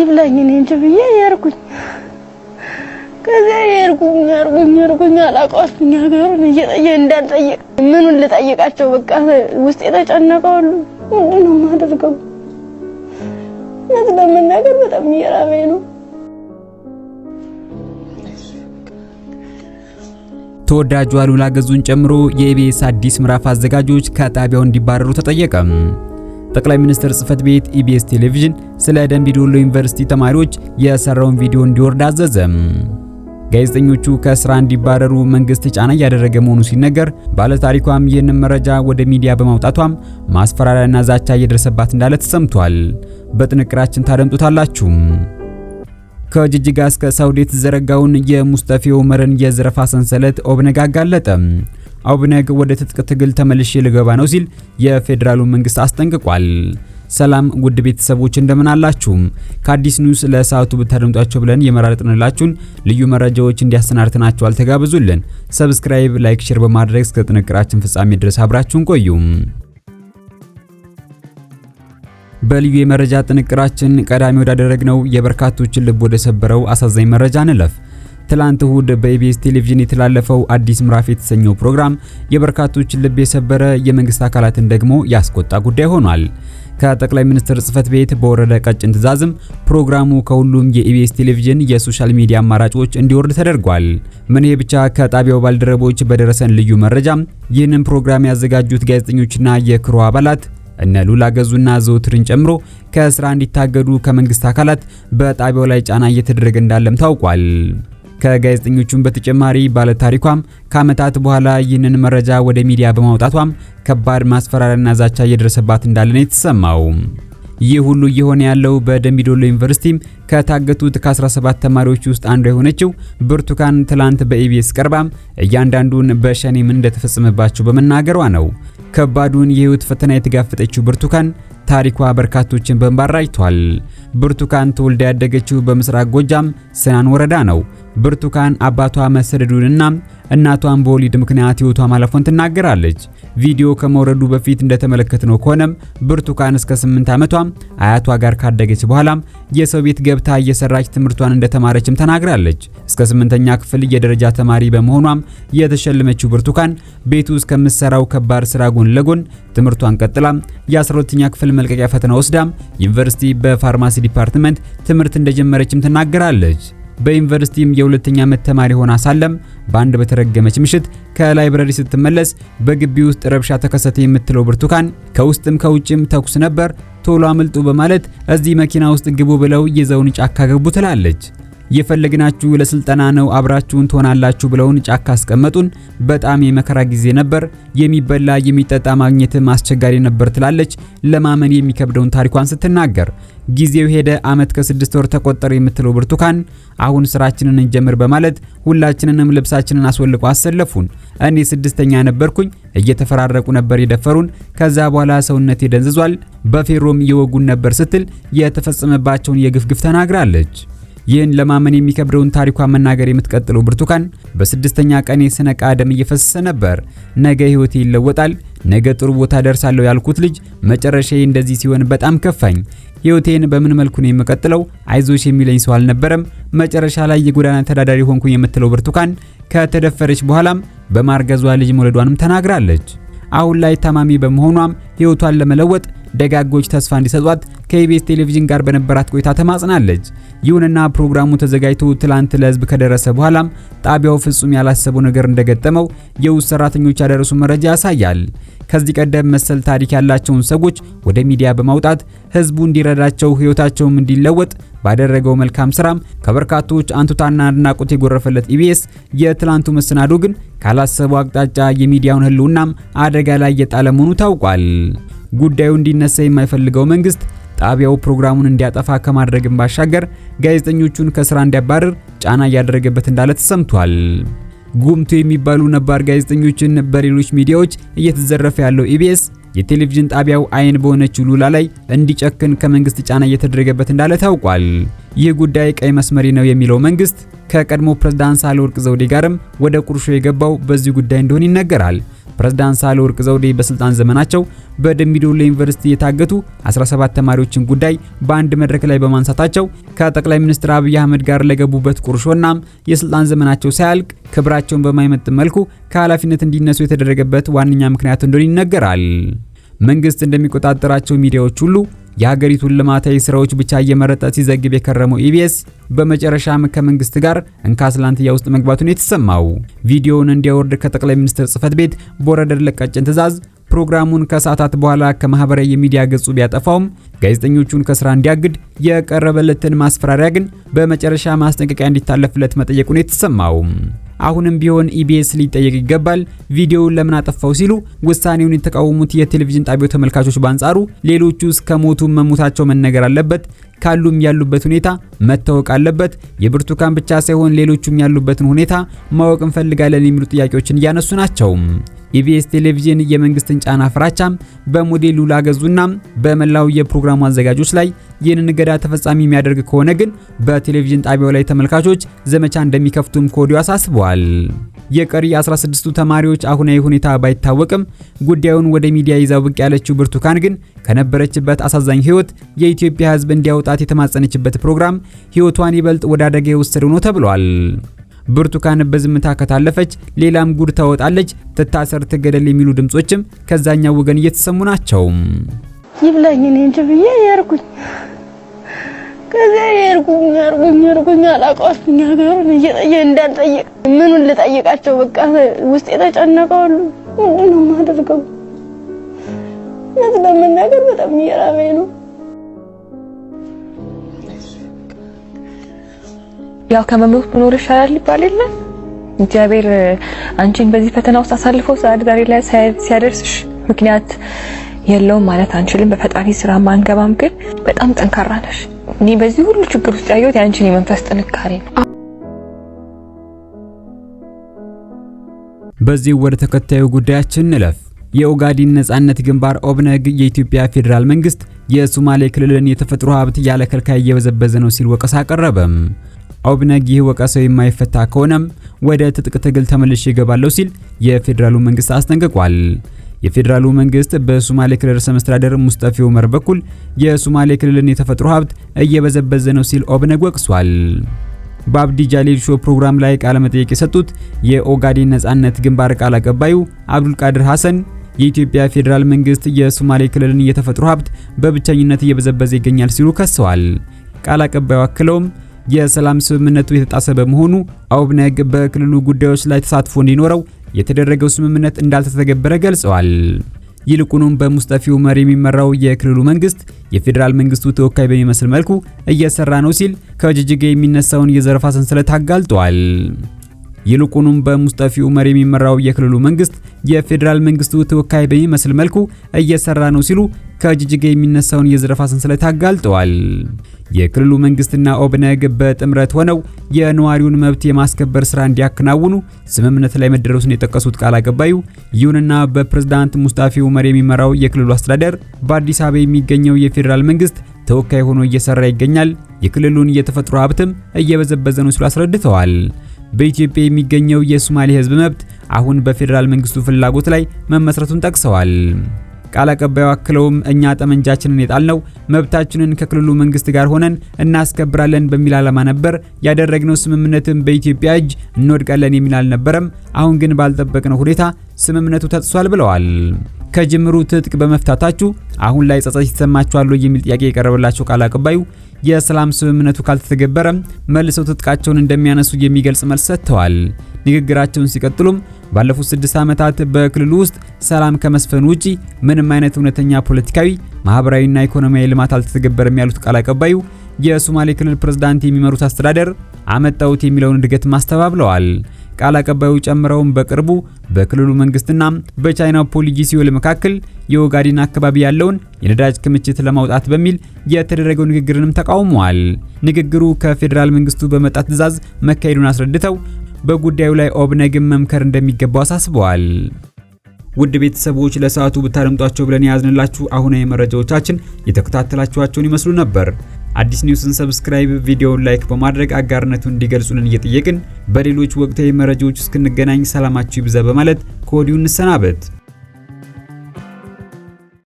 ይብላኝ እኔ እንጂ ብዬ ከዚያ ሀገሩን እንዳልጠየቅ ምኑን ልጠይቃቸው? በቃ ውስጥ የተጨነቀው ምንድን ነው የማደርገው? እውነት ለመናገር በጣም እየራበኝ ነው። ገዙን ጨምሮ የኢቢኤስ አዲስ ምዕራፍ አዘጋጆች ከጣቢያው እንዲባረሩ ተጠየቀም። ጠቅላይ ሚኒስትር ጽህፈት ቤት ኢቢኤስ ቴሌቪዥን ስለ ደምቢዶሎ ዩኒቨርሲቲ ተማሪዎች የሰራውን ቪዲዮ እንዲወርድ አዘዘ። ጋዜጠኞቹ ከስራ እንዲባረሩ መንግስት ጫና እያደረገ መሆኑ ሲነገር ባለታሪኳም ይህንን መረጃ ወደ ሚዲያ በማውጣቷም ማስፈራሪያና ዛቻ እየደረሰባት እንዳለ ተሰምቷል። በጥንቅራችን ታደምጡታላችሁ። ከጅጅጋ እስከ ሳውዲ የተዘረጋውን የሙስጠፌ ኡመርን የዘረፋ ሰንሰለት ኦብነግ አጋለጠ። አቡብነግ ወደ ትጥቅ ትግል ተመልሼ ልገባ ነው ሲል የፌዴራሉ መንግስት አስጠንቅቋል። ሰላም ውድ ቤተሰቦች እንደምን አላችሁ? ከአዲስ ኒውስ ለሰዓቱ ብታደምጧቸው ብለን የመራረጥንላችሁን ልዩ መረጃዎች እንዲያሰናድተናችሁ አልተጋብዙልን። ሰብስክራይብ፣ ላይክ፣ ሼር በማድረግ እስከ ጥንቅራችን ፍጻሜ ድረስ አብራችሁን ቆዩ። በልዩ የመረጃ ጥንቅራችን ቀዳሚ ወዳደረግነው የበርካቶችን ልብ ወደ ሰበረው አሳዛኝ መረጃ እንለፍ። ትላንት እሁድ በኢቢኤስ ቴሌቪዥን የተላለፈው አዲስ ምዕራፍ የተሰኘው ፕሮግራም የበርካቶችን ልብ የሰበረ የመንግስት አካላትን ደግሞ ያስቆጣ ጉዳይ ሆኗል። ከጠቅላይ ሚኒስትር ጽህፈት ቤት በወረደ ቀጭን ትእዛዝም ፕሮግራሙ ከሁሉም የኢቢኤስ ቴሌቪዥን የሶሻል ሚዲያ አማራጮች እንዲወርድ ተደርጓል። ምን ብቻ ከጣቢያው ባልደረቦች በደረሰን ልዩ መረጃ ይህንን ፕሮግራም ያዘጋጁት ጋዜጠኞችና የክሮ አባላት እነ ሉላ ገዙና ዘውትርን ጨምሮ ከስራ እንዲታገዱ ከመንግስት አካላት በጣቢያው ላይ ጫና እየተደረገ እንዳለም ታውቋል። ከጋዜጠኞቹም በተጨማሪ ባለታሪኳም ከዓመታት በኋላ ይህንን መረጃ ወደ ሚዲያ በማውጣቷም ከባድ ማስፈራሪያና ዛቻ እየደረሰባት እንዳለ ነው የተሰማው። ይህ ሁሉ እየሆነ ያለው በደምቢዶሎ ዩኒቨርሲቲም ከታገቱት ከ17 ተማሪዎች ውስጥ አንዷ የሆነችው ብርቱካን ትላንት በኢቢኤስ ቀርባም እያንዳንዱን በሸኔም እንደተፈጸመባቸው በመናገሯ ነው። ከባዱን የህይወት ፈተና የተጋፈጠችው ብርቱካን ታሪኳ በርካቶችን በንባራጅቷል። ብርቱካን ተወልዳ ያደገችው በምስራቅ ጎጃም ስናን ወረዳ ነው። ብርቱካን አባቷ መሰደዱንና እናቷን በወሊድ ምክንያት ህይወቷ ማለፉን ትናገራለች። ቪዲዮ ከመውረዱ በፊት እንደተመለከትነው ከሆነም ብርቱካን እስከ 8 ዓመቷ አያቷ ጋር ካደገች በኋላም የሰው ቤት ገብታ እየሰራች ትምህርቷን እንደተማረችም ተናግራለች። እስከ 8ኛ ክፍል የደረጃ ተማሪ በመሆኗም የተሸለመችው ብርቱካን ቤቱ እስከምትሰራው ከባድ ስራ ጎን ለጎን ትምህርቷን ቀጥላ የ12ኛ ክፍል መልቀቂያ ፈተና ወስዳም ዩኒቨርሲቲ በፋርማሲ ዲፓርትመንት ትምህርት እንደጀመረችም ትናገራለች። በዩኒቨርሲቲም የሁለተኛ ዓመት ተማሪ ሆና ሳለም በአንድ በተረገመች ምሽት ከላይብረሪ ስትመለስ በግቢ ውስጥ ረብሻ ተከሰተ የምትለው ብርቱካን ከውስጥም ከውጭም ተኩስ ነበር፣ ቶሎ አምልጡ በማለት እዚህ መኪና ውስጥ ግቡ ብለው የዘውን ጫካ ገቡ ትላለች። የፈለግናችሁ ለስልጠና ነው አብራችሁን ትሆናላችሁ ብለውን ጫካ አስቀመጡን። በጣም የመከራ ጊዜ ነበር። የሚበላ የሚጠጣ ማግኘትም አስቸጋሪ ነበር ትላለች ለማመን የሚከብደውን ታሪኳን ስትናገር። ጊዜው ሄደ፣ አመት ከስድስት ወር ተቆጠረ የምትለው ብርቱካን አሁን ስራችንን እንጀምር በማለት ሁላችንንም ልብሳችንን አስወልቆ አሰለፉን። እኔ ስድስተኛ ነበርኩኝ። እየተፈራረቁ ነበር የደፈሩን። ከዛ በኋላ ሰውነት ደንዝዟል፣ በፌሮም እየወጉን ነበር ስትል የተፈጸመባቸውን የግፍ ግፍ ተናግራለች። ይህን ለማመን የሚከብደውን ታሪኳን መናገር የምትቀጥለው ብርቱካን በስድስተኛ ቀን የስነ ቃደም እየፈሰሰ ነበር። ነገ ህይወቴ ይለወጣል፣ ነገ ጥሩ ቦታ ደርሳለሁ ያልኩት ልጅ መጨረሻዬ እንደዚህ ሲሆን በጣም ከፋኝ። ህይወቴን በምን መልኩ ነው የምቀጥለው? አይዞሽ የሚለኝ ሰው አልነበረም። መጨረሻ ላይ የጎዳና ተዳዳሪ ሆንኩኝ የምትለው ብርቱካን ከተደፈረች በኋላም በማርገዟ ልጅ መውለዷንም ተናግራለች። አሁን ላይ ታማሚ በመሆኗም ህይወቷን ለመለወጥ ደጋጎች ተስፋ እንዲሰጧት ከኢቢኤስ ቴሌቪዥን ጋር በነበራት ቆይታ ተማጽናለች። ይሁንና ፕሮግራሙ ተዘጋጅቶ ትላንት ለህዝብ ከደረሰ በኋላም ጣቢያው ፍጹም ያላሰበው ነገር እንደገጠመው የውስጥ ሰራተኞች ያደረሱ መረጃ ያሳያል። ከዚህ ቀደም መሰል ታሪክ ያላቸውን ሰዎች ወደ ሚዲያ በማውጣት ህዝቡ እንዲረዳቸው ህይወታቸውም እንዲለወጥ ባደረገው መልካም ስራም ከበርካቶች አንቱታና አድናቆት የጎረፈለት ኢቢኤስ የትላንቱ መሰናዶ ግን ካላሰበው አቅጣጫ የሚዲያውን ህልውናም አደጋ ላይ እየጣለ መሆኑ ታውቋል። ጉዳዩ እንዲነሳ የማይፈልገው መንግስት ጣቢያው ፕሮግራሙን እንዲያጠፋ ከማድረግም ባሻገር ጋዜጠኞቹን ከስራ እንዲያባርር ጫና እያደረገበት እንዳለ ተሰምቷል። ጉምቱ የሚባሉ ነባር ጋዜጠኞችን በሌሎች ሚዲያዎች እየተዘረፈ ያለው ኢቢኤስ የቴሌቪዥን ጣቢያው አይን በሆነችው ሉላ ላይ እንዲጨክን ከመንግስት ጫና እየተደረገበት እንዳለ ታውቋል። ይህ ጉዳይ ቀይ መስመሪ ነው የሚለው መንግስት ከቀድሞ ፕሬዝዳንት ሳህለወርቅ ዘውዴ ጋርም ወደ ቁርሾ የገባው በዚህ ጉዳይ እንደሆነ ይነገራል። ፕሬዝዳንት ሳህለወርቅ ዘውዴ በስልጣን ዘመናቸው በደምቢዶሎ ዩኒቨርሲቲ የታገቱ 17 ተማሪዎችን ጉዳይ በአንድ መድረክ ላይ በማንሳታቸው ከጠቅላይ ሚኒስትር አብይ አህመድ ጋር ለገቡበት ቁርሾና የስልጣን ዘመናቸው ሳያልቅ ክብራቸውን በማይመጥ መልኩ ከኃላፊነት እንዲነሱ የተደረገበት ዋነኛ ምክንያት እንደሆነ ይነገራል። መንግስት እንደሚቆጣጠራቸው ሚዲያዎች ሁሉ የሀገሪቱን ልማታዊ ስራዎች ብቻ እየመረጠ ሲዘግብ የከረመው ኢቢኤስ በመጨረሻም ከመንግስት ጋር እንካስላንትያ ውስጥ መግባቱን የተሰማው ቪዲዮውን እንዲያወርድ ከጠቅላይ ሚኒስትር ጽህፈት ቤት በወረደር ለቀጭን ትእዛዝ ፕሮግራሙን ከሰዓታት በኋላ ከማህበራዊ የሚዲያ ገጹ ቢያጠፋውም ጋዜጠኞቹን ከስራ እንዲያግድ የቀረበለትን ማስፈራሪያ ግን በመጨረሻ ማስጠንቀቂያ እንዲታለፍለት መጠየቁን የተሰማው አሁንም ቢሆን ኢቢኤስ ሊጠየቅ ይገባል፣ ቪዲዮውን ለምን አጠፋው ሲሉ ውሳኔውን የተቃወሙት የቴሌቪዥን ጣቢያው ተመልካቾች በአንጻሩ ሌሎቹ እስከ ሞቱ መሞታቸው መነገር አለበት ካሉም ያሉበት ሁኔታ መታወቅ አለበት። የብርቱካን ብቻ ሳይሆን ሌሎቹም ያሉበትን ሁኔታ ማወቅ እንፈልጋለን የሚሉ ጥያቄዎችን እያነሱ ናቸው። ኢቢኤስ ቴሌቪዥን የመንግስትን ጫና ፍራቻ በሞዴሉ ላገዙና በመላው የፕሮግራሙ አዘጋጆች ላይ ይህንን እገዳ ተፈጻሚ የሚያደርግ ከሆነ ግን በቴሌቪዥን ጣቢያው ላይ ተመልካቾች ዘመቻ እንደሚከፍቱም ከወዲሁ አሳስበዋል። የቀሪ 16ቱ ተማሪዎች አሁናዊ ሁኔታ ባይታወቅም ጉዳዩን ወደ ሚዲያ ይዛው ብቅ ያለችው ብርቱካን ግን ከነበረችበት አሳዛኝ ህይወት የኢትዮጵያ ሕዝብ እንዲያወጣት የተማጸነችበት ፕሮግራም ህይወቷን ይበልጥ ወደ አደጋ የወሰደው ነው ተብሏል። ብርቱካን በዝምታ ከታለፈች ሌላም ጉድ ታወጣለች፣ ትታሰር፣ ትገደል የሚሉ ድምጾችም ከዛኛው ወገን እየተሰሙ ናቸው። ይብላኝ እኔ እንጂ ብዬ ያርኩኝ ከዚያ ያርኩኝ ያርኩኝ ያርኩኝ አላውቃችሁኝ ሀገሩን እየጠየቅ እንዳልጠየቅ ምኑን ልጠይቃቸው በቃ ውስጥ የተጨነቀው ሁሉ ምንድን ነው የማደርገው? እውነት ለመናገር በጣም እየራበኝ ነው። ያው ከመሞት መኖር ይሻላል ይባል የለ እግዚአብሔር አንቺን በዚህ ፈተና ውስጥ አሳልፎ ዛሬ ላይ ሲያደርስሽ ምክንያት የለውም ማለት አንችልም። በፈጣሪ ስራ ማንገባም፣ ግን በጣም ጠንካራ ነሽ። እኔ በዚህ ሁሉ ችግር ውስጥ ያየሁት የአንቺን የመንፈስ ጥንካሬ ነው። በዚህ ወደ ተከታዩ ጉዳያችን እንለፍ። የኦጋዴን ነጻነት ግንባር ኦብነግ የኢትዮጵያ ፌዴራል መንግስት የሶማሌ ክልልን የተፈጥሮ ሀብት ያለ ከልካይ እየበዘበዘ ነው ሲል ወቀሳ አቀረበም። ኦብነግ ይህ ወቀሰው የማይፈታ ከሆነም ወደ ትጥቅ ትግል ተመልሼ እገባለሁ ሲል የፌዴራሉ መንግስት አስጠንቅቋል። የፌዴራሉ መንግስት በሶማሌ ክልል ርዕሰ መስተዳደር ሙስጠፌ ኡመር በኩል የሶማሌ ክልልን የተፈጥሮ ሀብት እየበዘበዘ ነው ሲል ኦብነግ ወቅሷል። በአብዲ ጃሌል ሾ ፕሮግራም ላይ ቃለ መጠየቅ የሰጡት የኦጋዴን ነጻነት ግንባር ቃል አቀባዩ አብዱልቃድር ሐሰን የኢትዮጵያ ፌዴራል መንግስት የሶማሌ ክልልን የተፈጥሮ ሀብት በብቸኝነት እየበዘበዘ ይገኛል ሲሉ ከሰዋል። ቃል አቀባዩ አክለውም የሰላም ስምምነቱ የተጣሰ በመሆኑ አውብነግ በክልሉ ጉዳዮች ላይ ተሳትፎ እንዲኖረው የተደረገው ስምምነት እንዳልተተገበረ ገልጸዋል። ይልቁንም በሙስጠፊው መሪ የሚመራው የክልሉ መንግስት የፌዴራል መንግስቱ ተወካይ በሚመስል መልኩ እየሰራ ነው ሲል ከጅጅጋ የሚነሳውን የዘረፋ ሰንሰለት አጋልጧል። ይልቁንም በሙስጠፊው መሪ የሚመራው የክልሉ መንግስት የፌዴራል መንግስቱ ተወካይ በሚመስል መልኩ እየሰራ ነው ሲሉ ከጅጅጋ የሚነሳውን የዘረፋ ሰንሰለት አጋልጠዋል። የክልሉ መንግስትና ኦብነግ በጥምረት ሆነው የነዋሪውን መብት የማስከበር ስራ እንዲያከናውኑ ስምምነት ላይ መደረሱን የጠቀሱት ቃል አቀባዩ፣ ይሁንና በፕሬዝዳንት ሙስጣፌ ኡመር የሚመራው የክልሉ አስተዳደር በአዲስ አበባ የሚገኘው የፌዴራል መንግስት ተወካይ ሆኖ እየሰራ ይገኛል፣ የክልሉን የተፈጥሮ ሀብትም እየበዘበዘ ነው ሲሉ አስረድተዋል። በኢትዮጵያ የሚገኘው የሶማሌ ህዝብ መብት አሁን በፌዴራል መንግስቱ ፍላጎት ላይ መመስረቱን ጠቅሰዋል። ቃል አቀባዩ አክለውም እኛ ጠመንጃችንን የጣልነው መብታችንን ከክልሉ መንግስት ጋር ሆነን እናስከብራለን በሚል ዓላማ ነበር። ያደረግነው ስምምነትም በኢትዮጵያ እጅ እንወድቃለን የሚል አልነበረም። አሁን ግን ባልጠበቅነው ሁኔታ ስምምነቱ ተጥሷል ብለዋል። ከጅምሩ ትጥቅ በመፍታታችሁ አሁን ላይ ጸጸት ይሰማችኋል የሚል ጥያቄ የቀረበላቸው ቃል አቀባዩ የሰላም ስምምነቱ ካልተተገበረ መልሰው ትጥቃቸውን እንደሚያነሱ የሚገልጽ መልስ ሰጥተዋል። ንግግራቸውን ሲቀጥሉም ባለፉት ስድስት ዓመታት በክልሉ ውስጥ ሰላም ከመስፈን ውጪ ምንም አይነት እውነተኛ ፖለቲካዊ፣ ማህበራዊና ኢኮኖሚያዊ ልማት አልተተገበረም ያሉት ቃል አቀባዩ የሶማሌ ክልል ፕሬዝዳንት የሚመሩት አስተዳደር አመጣውት የሚለውን እድገት ማስተባብለዋል። ቃል አቀባዩ ጨምረውን በቅርቡ በክልሉ መንግስትና በቻይና ፖሊጂሲዮል መካከል የኦጋዴን አካባቢ ያለውን የነዳጅ ክምችት ለማውጣት በሚል የተደረገው ንግግርንም ተቃውመዋል። ንግግሩ ከፌዴራል መንግስቱ በመጣ ትዕዛዝ መካሄዱን አስረድተው በጉዳዩ ላይ ኦብነግን መምከር እንደሚገባው አሳስበዋል። ውድ ቤተሰቦች ለሰዓቱ ብታደምጧቸው ብለን የያዝንላችሁ አሁናዊ መረጃዎቻችን የተከታተላችኋቸውን ይመስሉ ነበር። አዲስ ኒውስን ሰብስክራይብ፣ ቪዲዮውን ላይክ በማድረግ አጋርነቱን እንዲገልጹልን እየጠየቅን በሌሎች ወቅታዊ መረጃዎች እስክንገናኝ ሰላማችሁ ይብዛ በማለት ከወዲሁ እንሰናበት።